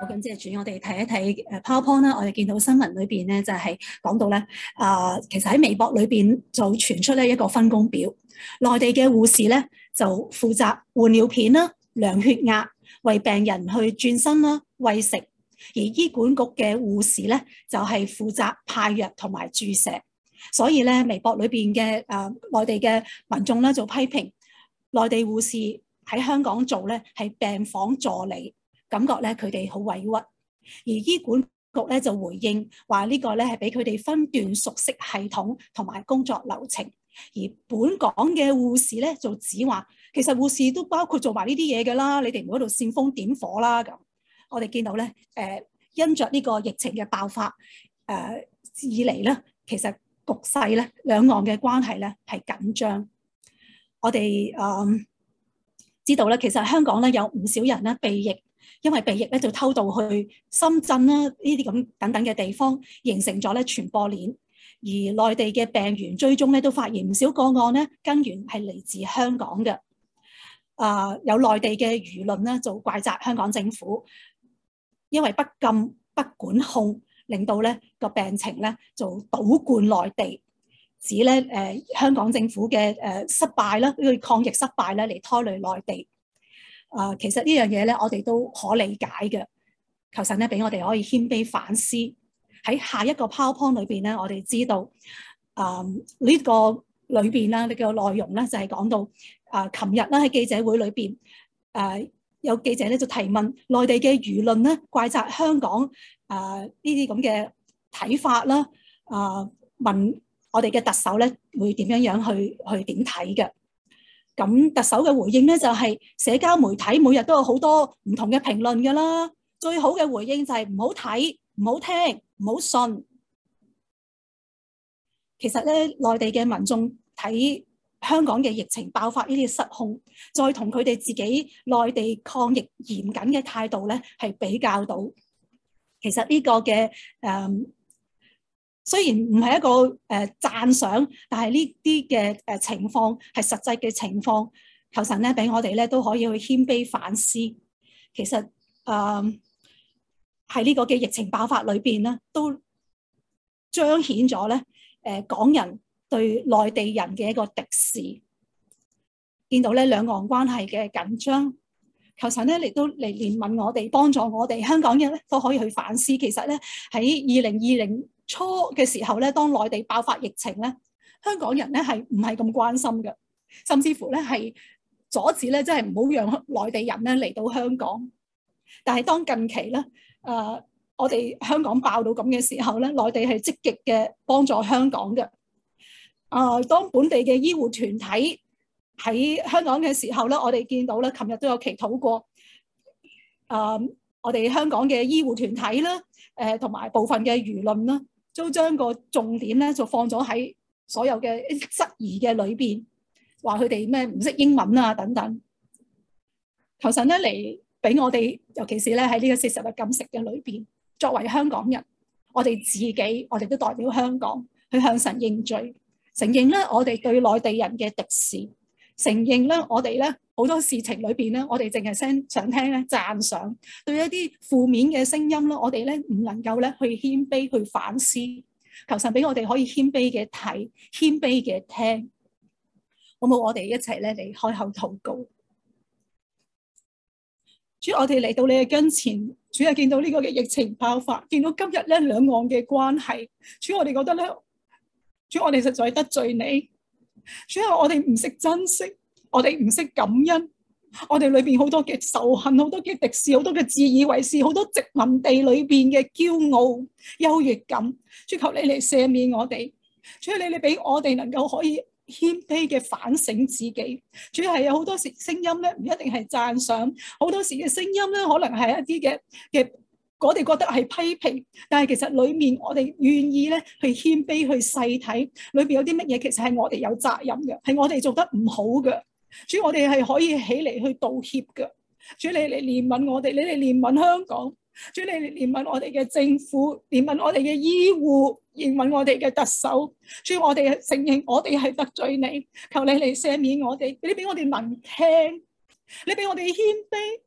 我咁即係轉我哋睇一睇誒 PowerPoint 啦，我哋見到新聞裏邊咧就係講到咧啊、呃，其實喺微博裏邊就傳出咧一個分工表，內地嘅護士咧就負責換尿片啦、量血壓、為病人去轉身啦、餵食，而醫管局嘅護士咧就係、是、負責派藥同埋注射，所以咧微博裏邊嘅誒內地嘅民眾咧就批評內地護士喺香港做咧係病房助理。感覺咧，佢哋好委屈，而醫管局咧就回應話：呢個咧係俾佢哋分段熟悉系統同埋工作流程。而本港嘅護士咧就指話，其實護士都包括做埋呢啲嘢㗎啦，你哋唔好喺度煽風點火啦咁。我哋見到咧，誒、呃、因着呢個疫情嘅爆發，誒、呃、以嚟咧，其實局勢咧，兩岸嘅關係咧係緊張。我哋誒、嗯、知道咧，其實香港咧有唔少人咧被疫。因為病疫咧就偷渡去深圳啦、啊，呢啲咁等等嘅地方，形成咗咧傳播鏈。而內地嘅病源追蹤咧，都發現唔少個案咧根源係嚟自香港嘅。啊、呃，有內地嘅輿論咧就怪責香港政府，因為不禁不管控，令到咧、呢個病情咧就倒灌內地，指咧誒、呃、香港政府嘅誒、呃、失敗啦，佢、呢個、抗疫失敗咧嚟拖累內地。啊，其實呢樣嘢咧，我哋都可理解嘅。求神咧，俾我哋可以謙卑反思。喺下一個 PowerPoint 裏邊咧，我哋知道啊，嗯這個、裡面呢個裏邊啦，呢、這個內容咧就係、是、講到啊，琴、呃、日咧喺記者會裏邊，誒、呃、有記者咧就提問，內地嘅輿論咧怪責香港誒、呃、呢啲咁嘅睇法啦，啊、呃、問我哋嘅特首咧會點樣樣去去點睇嘅？咁特首嘅回應咧，就係社交媒體每日都有好多唔同嘅評論㗎啦。最好嘅回應就係唔好睇，唔好聽，唔好信。其實咧，內地嘅民眾睇香港嘅疫情爆發呢啲失控，再同佢哋自己內地抗疫嚴謹嘅態度咧，係比較到。其實呢個嘅誒。嗯雖然唔係一個誒、呃、讚賞，但係呢啲嘅誒情況係實際嘅情況，求神咧俾我哋咧都可以去謙卑反思。其實誒喺呢個嘅疫情爆發裏邊咧，都彰顯咗咧誒港人對內地人嘅一個敵視，見到咧兩岸關係嘅緊張，求神咧亦都嚟憐憫我哋，幫助我哋香港人咧都可以去反思。其實咧喺二零二零初嘅時候咧，當內地爆發疫情咧，香港人咧係唔係咁關心嘅，甚至乎咧係阻止咧，即係唔好讓內地人咧嚟到香港。但係當近期咧，誒、呃、我哋香港爆到咁嘅時候咧，內地係積極嘅幫助香港嘅。誒、呃，當本地嘅醫護團體喺香港嘅時候咧，我哋見到咧，琴日都有祈禱過。誒、呃，我哋香港嘅醫護團體啦，誒同埋部分嘅輿論啦。都將個重點咧，就放咗喺所有嘅質疑嘅裏邊，話佢哋咩唔識英文啊等等。求神咧嚟俾我哋，尤其是咧喺呢個四十日禁食嘅裏邊，作為香港人，我哋自己，我哋都代表香港去向神認罪，承認咧我哋對內地人嘅敵視。承認咧，我哋咧好多事情裏邊咧，我哋淨係想聽咧讚賞，對一啲負面嘅聲音咧，我哋咧唔能夠咧去謙卑去反思。求神俾我哋可以謙卑嘅睇，謙卑嘅聽，好冇？我哋一齊咧嚟開口禱告。主，我哋嚟到你嘅跟前，主係，見到呢個嘅疫情爆發，見到今日咧兩岸嘅關係，主，我哋覺得咧，主，我哋實在係得罪你。主，要我哋唔識珍惜，我哋唔識感恩，我哋裏邊好多嘅仇恨，好多嘅敵視，好多嘅自以為是，好多殖民地裏邊嘅驕傲優越感。追求你嚟赦免我哋，求求你嚟俾我哋能夠可以謙卑嘅反省自己。主，要係有好多時聲音咧，唔一定係讚賞，好多時嘅聲音咧，可能係一啲嘅嘅。我哋覺得係批評，但係其實裏面我哋願意咧去謙卑去細睇，裏邊有啲乜嘢其實係我哋有責任嘅，係我哋做得唔好嘅。主，要我哋係可以起嚟去道歉嘅。主，要你嚟憐憫我哋，你嚟憐憫香港。主，要你嚟憐憫我哋嘅政府，憐憫我哋嘅醫護，憐憫我哋嘅特首。主，要我哋承認我哋係得罪你，求你嚟赦免我哋。你俾我哋聞聽，你俾我哋謙卑，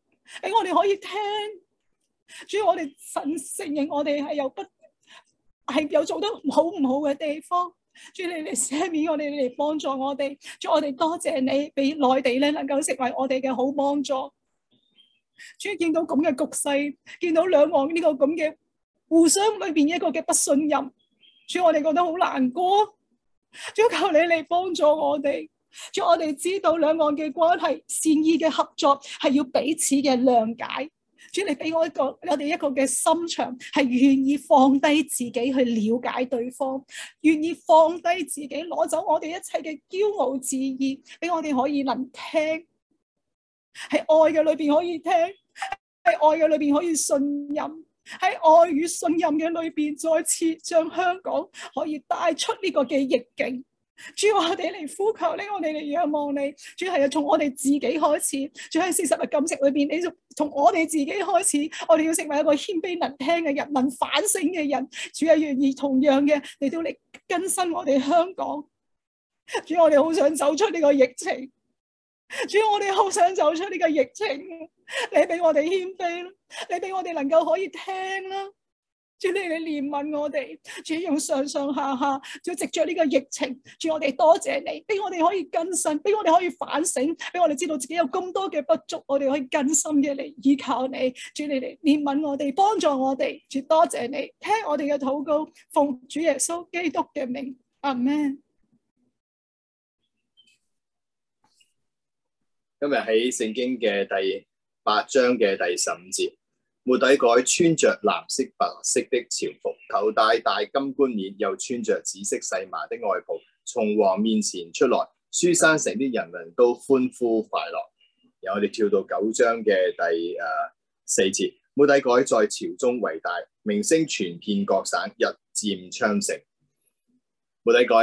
俾我哋可以聽。主，我哋肯承認我哋係有不係有做得唔好唔好嘅地方，主，你嚟赦免我哋，你嚟幫助我哋。主，我哋多謝你俾內地咧能夠成為我哋嘅好幫助。主，見到咁嘅局勢，見到兩岸呢個咁嘅互相裏邊一個嘅不信任，主，我哋覺得好難過。主，求你嚟幫助我哋，主，我哋知道兩岸嘅關係，善意嘅合作係要彼此嘅諒解。主嚟俾我一個，我哋一個嘅心腸係願意放低自己去了解對方，願意放低自己攞走我哋一切嘅驕傲志意，俾我哋可以能聽，喺愛嘅裏邊可以聽，喺愛嘅裏邊可以信任，喺愛與信任嘅裏邊，再次將香港可以帶出呢個嘅逆境。主話我哋嚟呼求，呢我哋嚟仰望你。主係啊，從我哋自己開始。主係四十日禁食裏邊，你從我哋自己開始，我哋要成為一個謙卑能聽嘅人民反省嘅人。主係願意同樣嘅你都嚟更新我哋香港。主我哋好想走出呢個疫情。主我哋好想走出呢個疫情。你俾我哋謙卑啦，你俾我哋能夠可以聽啦。主你，你憐憫我哋，主用上上下下，主藉着呢個疫情，主我哋多謝你，俾我哋可以更新，俾我哋可以反省，俾我哋知道自己有咁多嘅不足，我哋可以更深嘅嚟依靠你。主你，你憐憫我哋，幫助我哋。主多謝你，聽我哋嘅禱告，奉主耶穌基督嘅名，阿門。今日喺聖經嘅第八章嘅第十五節。末底改穿着藍色白色的朝服，頭戴大金冠冕，又穿着紫色細麻的外袍，從王面前出來。書珊城啲人民都歡呼快樂。由我哋跳到九章嘅第誒、呃、四節。末底改在朝中為大，名聲傳遍各省，日漸昌盛。末底改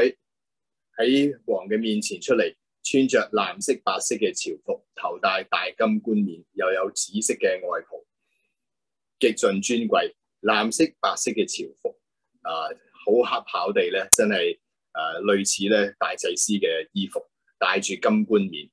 喺王嘅面前出嚟，穿着藍色白色嘅朝服，頭戴大金冠冕，又有紫色嘅外袍。極盡尊貴，藍色白色嘅朝服，啊，好恰巧地咧，真係誒、啊、類似咧大祭司嘅衣服，戴住金冠冕，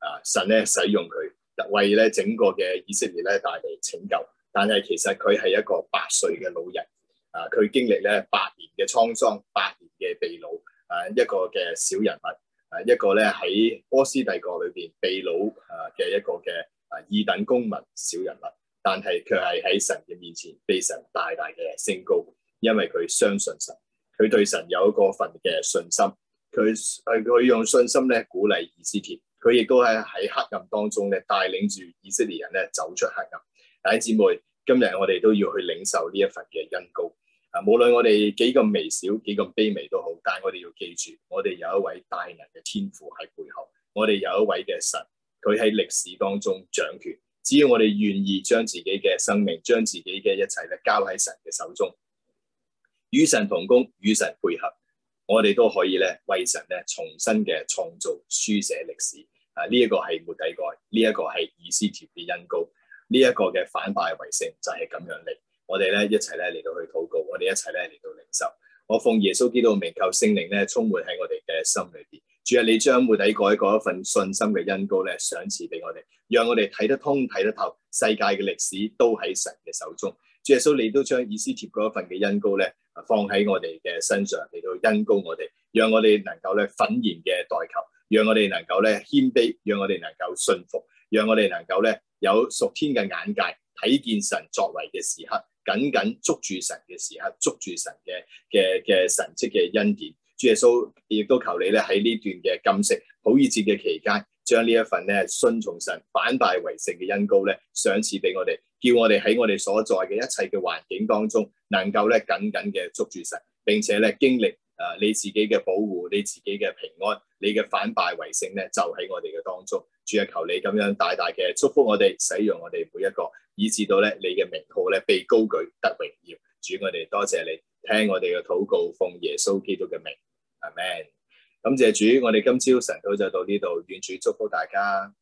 啊，神咧使用佢為咧整個嘅以色列咧帶嚟拯救，但係其實佢係一個八歲嘅老人，啊，佢經歷咧八年嘅滄桑，八年嘅被擄，啊，一個嘅小人物，啊，一個咧喺波斯帝國裏邊被擄啊嘅一個嘅啊二等公民小人物。但係，佢係喺神嘅面前被神大大嘅升高，因為佢相信神，佢對神有一個份嘅信心，佢佢佢用信心咧鼓勵以斯帖，佢亦都係喺黑暗當中咧帶領住以色列人咧走出黑暗。大家姐妹，今日我哋都要去領受呢一份嘅恩膏啊，無論我哋幾咁微小，幾咁卑微都好，但係我哋要記住，我哋有一位大能嘅天父喺背後，我哋有一位嘅神，佢喺歷史當中掌權。只要我哋願意將自己嘅生命、將自己嘅一切咧交喺神嘅手中，與神同工、與神配合，我哋都可以咧為神咧重新嘅創造、書寫歷史。啊，呢、這、一個係末底改，呢、這、一個係以斯帖嘅恩膏，呢、這、一個嘅反敗為勝就係咁樣嚟。我哋咧一齊咧嚟到去禱告，我哋一齊咧嚟到領受。我奉耶穌基督嘅名，求聖靈咧充滿喺我哋嘅心裏邊。主啊，你將摩底改嗰一份信心嘅恩膏咧，賞賜俾我哋，讓我哋睇得通、睇得透世界嘅歷史，都喺神嘅手中。主耶穌，你都將以斯帖嗰一份嘅恩膏咧，放喺我哋嘅身上，嚟到恩膏我哋，讓我哋能夠咧奮然嘅代求，讓我哋能夠咧謙卑，讓我哋能夠信服，讓我哋能夠咧有屬天嘅眼界，睇見神作為嘅時刻，緊緊捉住神嘅時刻，捉住神嘅嘅嘅神蹟嘅恩典。主耶穌亦都求你咧，喺呢段嘅禁食好意節嘅期間，將呢一份咧信從神、反敗為勝嘅恩膏咧，賞賜俾我哋，叫我哋喺我哋所在嘅一切嘅環境當中，能夠咧緊緊嘅捉住神，並且咧經歷誒、呃、你自己嘅保護、你自己嘅平安、你嘅反敗為勝咧，就喺我哋嘅當中。主啊，求你咁樣大大嘅祝福我哋，使用我哋每一個，以至到咧你嘅名號咧被高舉得榮耀。主，我哋多謝你聽我哋嘅禱告，奉耶穌基督嘅名。阿門，感謝主，我哋今朝晨早就到呢度，願主祝福大家。